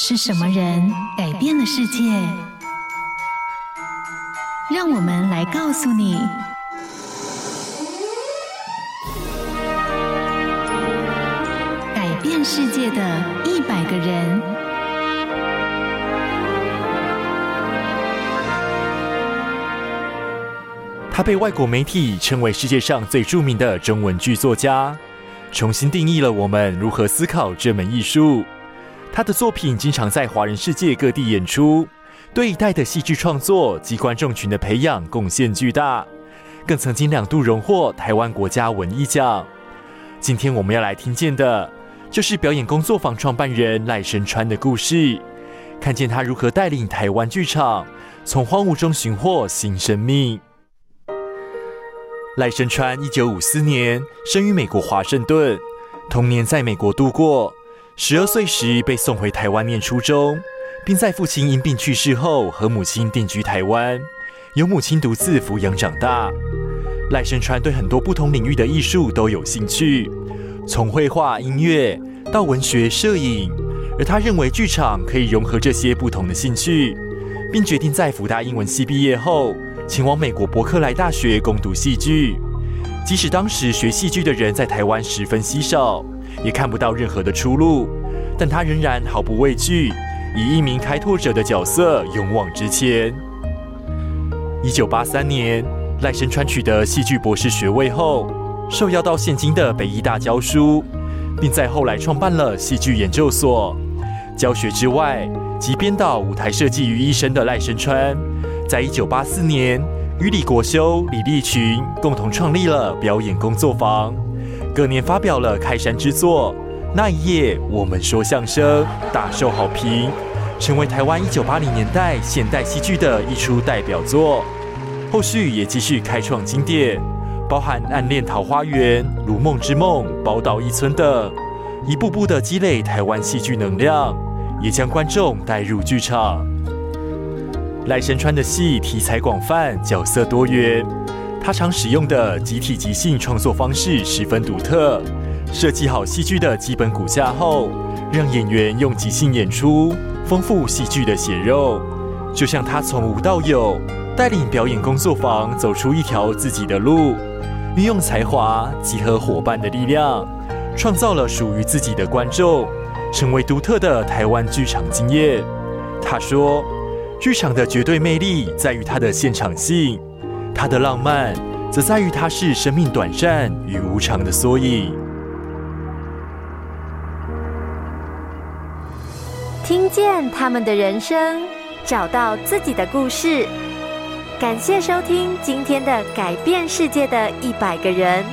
是什麼人改變了世界？讓我們來告訴你：改變世界的一百個人。他被外國媒體稱為世界上最著名的中文劇作家，重新定義了我們如何思考這門藝術。他的作品經常在華人世界各地演出，對一代的戲劇創作及觀眾群的培養貢獻巨大，更曾經兩度榮獲台灣國家文藝獎。今天我們要來聽見的，就是表演工作坊創辦人賴聲川的故事，看見他如何帶領台灣劇場從荒蕪中尋獲新生命。賴聲川一九五四年生於美國華盛頓，童年在美國度過。十二歲時被送回台灣念初中，並在父親因病去世後和母親定居台灣，由母親獨自撫養長大。賴聲川對很多不同領域的藝術都有興趣，從繪畫、音樂到文學、攝影，而他認為劇場可以融合這些不同的興趣，並決定在輔大英文系畢業後前往美國伯克萊大學攻讀戲劇。即使當時學戲劇的人在台灣十分稀少。也看不到任何的出路，但他仍然毫不畏懼，以一名開拓者的角色勇往直前。一九八三年，賴聲川取得戲劇博士學位後，受邀到現今的北藝大教書，並在後來創辦了戲劇研究所。教學之外，集編導舞台設計於一身的賴聲川，在一九八四年與李國修、李立群共同創立了表演工作坊。隔年發表了開山之作《那一夜我們說相聲》，大受好評，成為台灣一九八零年代現代戲劇的一出代表作。後續也繼續開創經典，包含《暗戀桃花源》《如夢之夢》《寶島一村》等，一步步的積累台灣戲劇能量，也將觀眾帶入劇場。賴聲川的戲題材廣泛，角色多元。他常使用的集體即興創作方式十分獨特，設計好戲劇的基本骨架後，讓演員用即興演出豐富戲劇的血肉。就像他從無到有帶領表演工作坊走出一條自己的路，運用才華集合夥伴的力量，創造了屬於自己的觀眾，成為獨特的台灣劇場經驗。他說，劇場的絕對魅力在於它的現場性。他的浪漫，則在於它是生命短暫與無常的縮影。聽見他們的人生，找到自己的故事。感謝收聽今天的《改變世界的一百個人》。